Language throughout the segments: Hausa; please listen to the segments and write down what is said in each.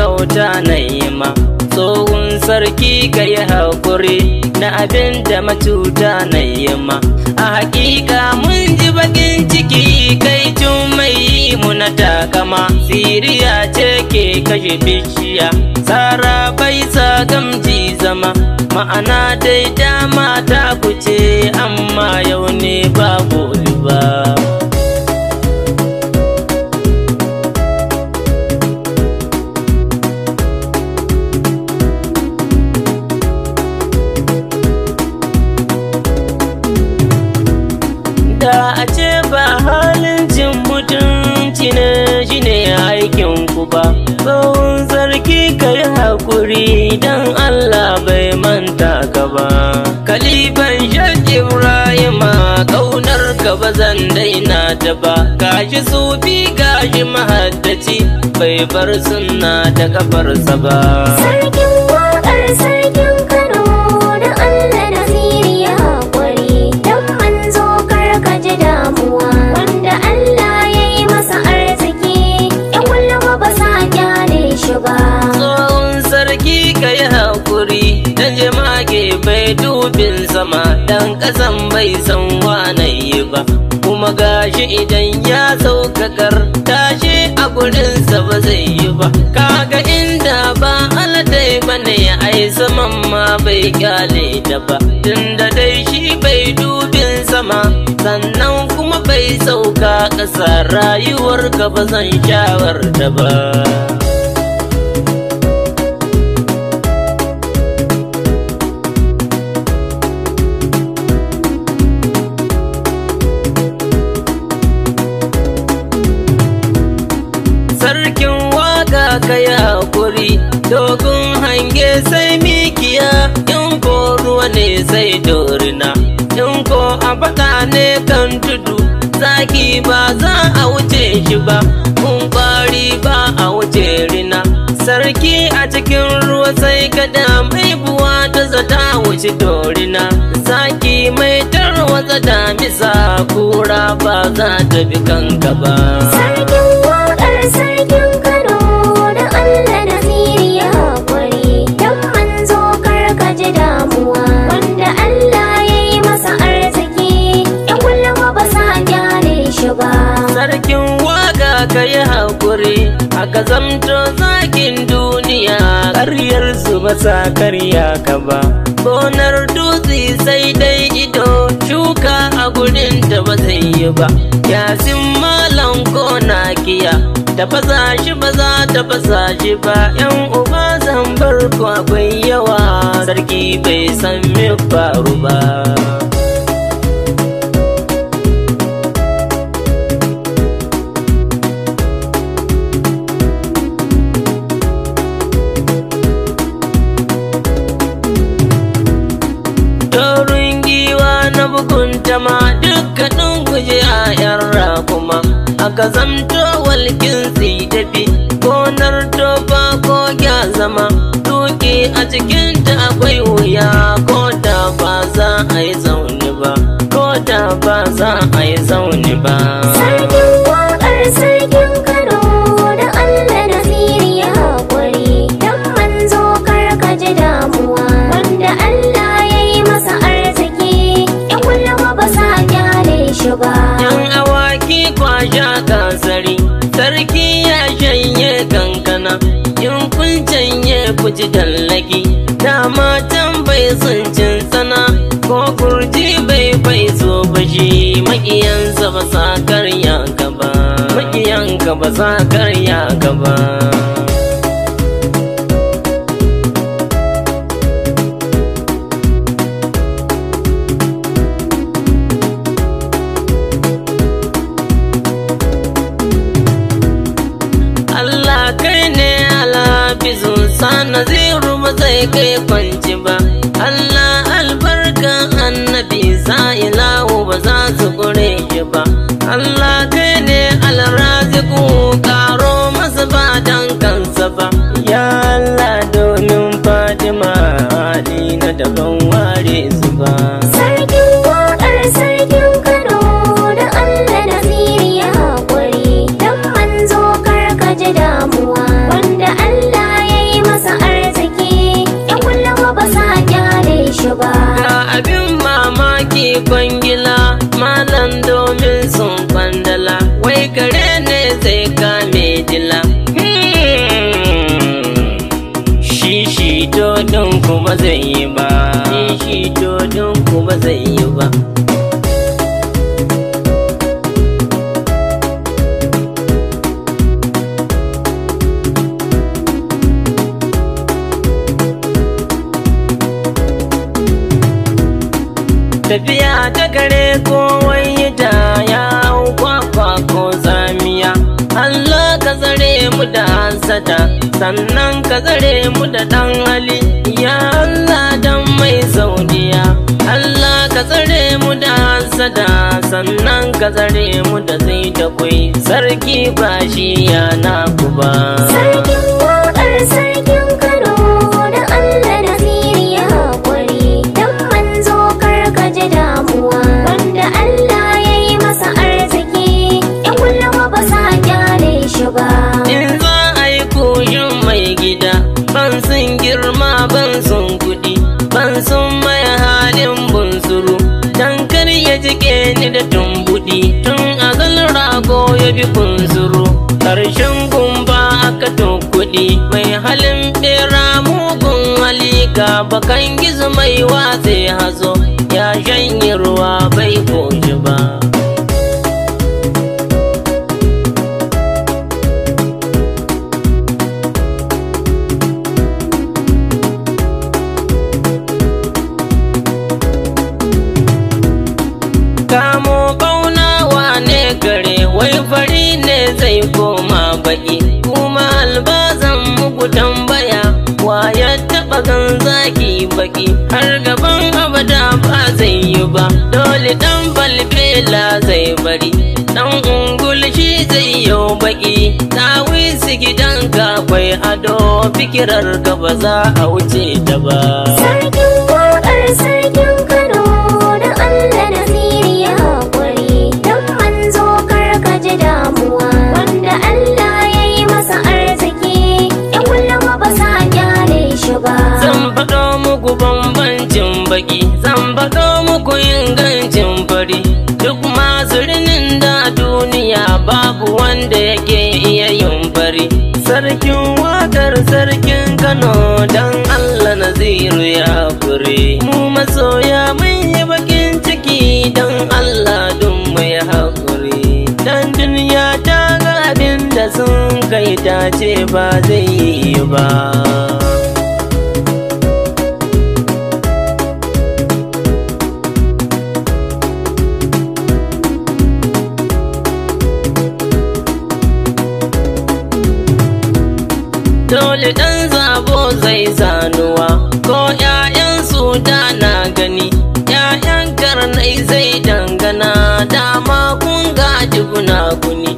kauta na yi ma tsohon sarki ka yi haƙuri na abinda da matuta na yi ma a haƙiƙa mun ji bakin ciki kai tun mai mu na takama siriya ce ke kashe bishiya tsara bai sa gamji zama ma'ana dai dama ta kuce amma yau ne babu da a ce ba halin jin mutunci na ne aikin ku ba tsohon sarki kayi hakuri dan don Allah bai manta ka ba kaliban shan ibrahima ƙaunar ka ba zan daina ta ba gashi sufi gashi mahaddaci bai bar sunna da kafarsa ba san bai san yi ba kuma gashi idan ya saukakar tashi a gurinsa ba zai yi ba kaga inda ba aladai bane ya ai saman ma bai kyale da ba tunda dai shi bai dubin sama sannan kuma bai sauka ƙasa rayuwar ka ba zan shawar da ba dorina in ko a baka ne kan tudu zaki ba za a wuce shi ba kun bari ba a wuce rina sarki a cikin ruwa sai kada mai buwa ta zata wuce dorina zaki mai zata damisa kura ba za ta bi kanka ba sarkin wakar sarkin ka yi haƙuri aka zamto zakin duniya ƙaryar su ba sa karya ka ba gonar dutse sai dai ido shuka a gurin ta ba zai yi ba yasin malam ko na Ta tafasa shi ba za ta fasa shi ba yan uba zambar akwai yawa sarki bai san me faru ba ka zamto walkin sai tafi gonar ba ko ya zama tuki a cikin cikinta akwai wuya ko da ba za a yi zaune ba ko da ba za a yi zaune ba ku ji dallaki da matan bai cin sana ko kurji bai bai zo ba shi makiyan ba sa karya gaba makiyan ba sa karya gaba naziru ba zai kai kwanci ba Allah albarkan annabi sa'ilahu ba za su gure shi ba Allah tafiya ta gare wani da ya hau kwakwa ko zamiya Allah ka zare mu da hansata sannan ka zare mu da dan hali ya Allah dan mai saudiya Allah ka zare mu da hansata sannan ka zare mu da zai da kwai sarki ba shi ya naku ba fi zuru ƙarshen gumba aka kuɗi mai halin ɓera mugun wali ga bakan gizo mai watse hazo ya shanyi ruwa bai koji ba fari ne zai koma baki kuma albazan muku tambaya wa ya taba gan zaki baki har gaban abada ba zai yi ba dole dan balbela zai bari dan ungul shi zai yi baki ta wisi gidan ka kwai ado fikirar ka ba za a wuce da ba sarkin kokar sarkin ji damuwa wanda Allah ya yi masa arziki ya kullum ba sa kyale shi ba zan faɗo muku bambancin baki zan faɗo muku ingancin fari duk masu rinin da duniya babu wanda yake iya yin fari sarkin wakar sarkin kano dan Allah naziru ya fure mu masoya mun yi ce ba zai yi ba dole ɗan zabo zai zanuwa ko ‘ya'yan da na gani ‘ya'yan karnai zai dangana dama kun gaji guna guni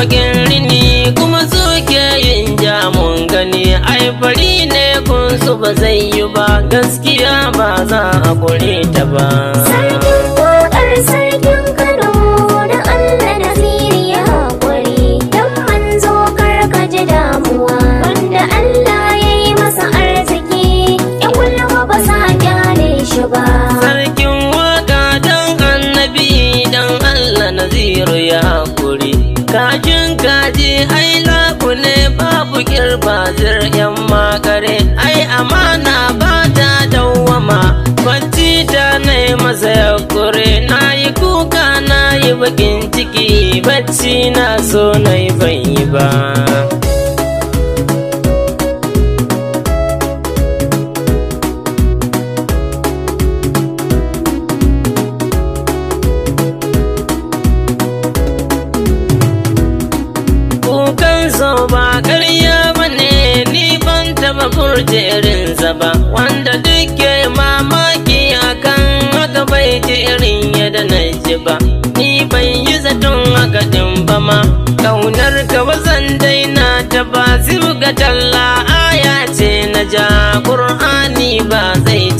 bakin rini kuma suke yin jamun gani ai fari ne kun su ba zai yi ba gaskiya ba za a kure ta ba sarkin kokar sarkin kano da allah da ya hakuri don manzo karka ji damuwa wanda allah ya yi masa arziki ya kullum ba sa kyale shi ba sarkin waka don annabi don allah naziru ya hakuri ai laku ne babu kirba zir yan makare ai amana ba ta dawama kwanci da na yi masa yakure na yi kuka na yi bakin ciki bacci na so na yi ban yi ba zibga talla aya ce na ja qur'ani ba zai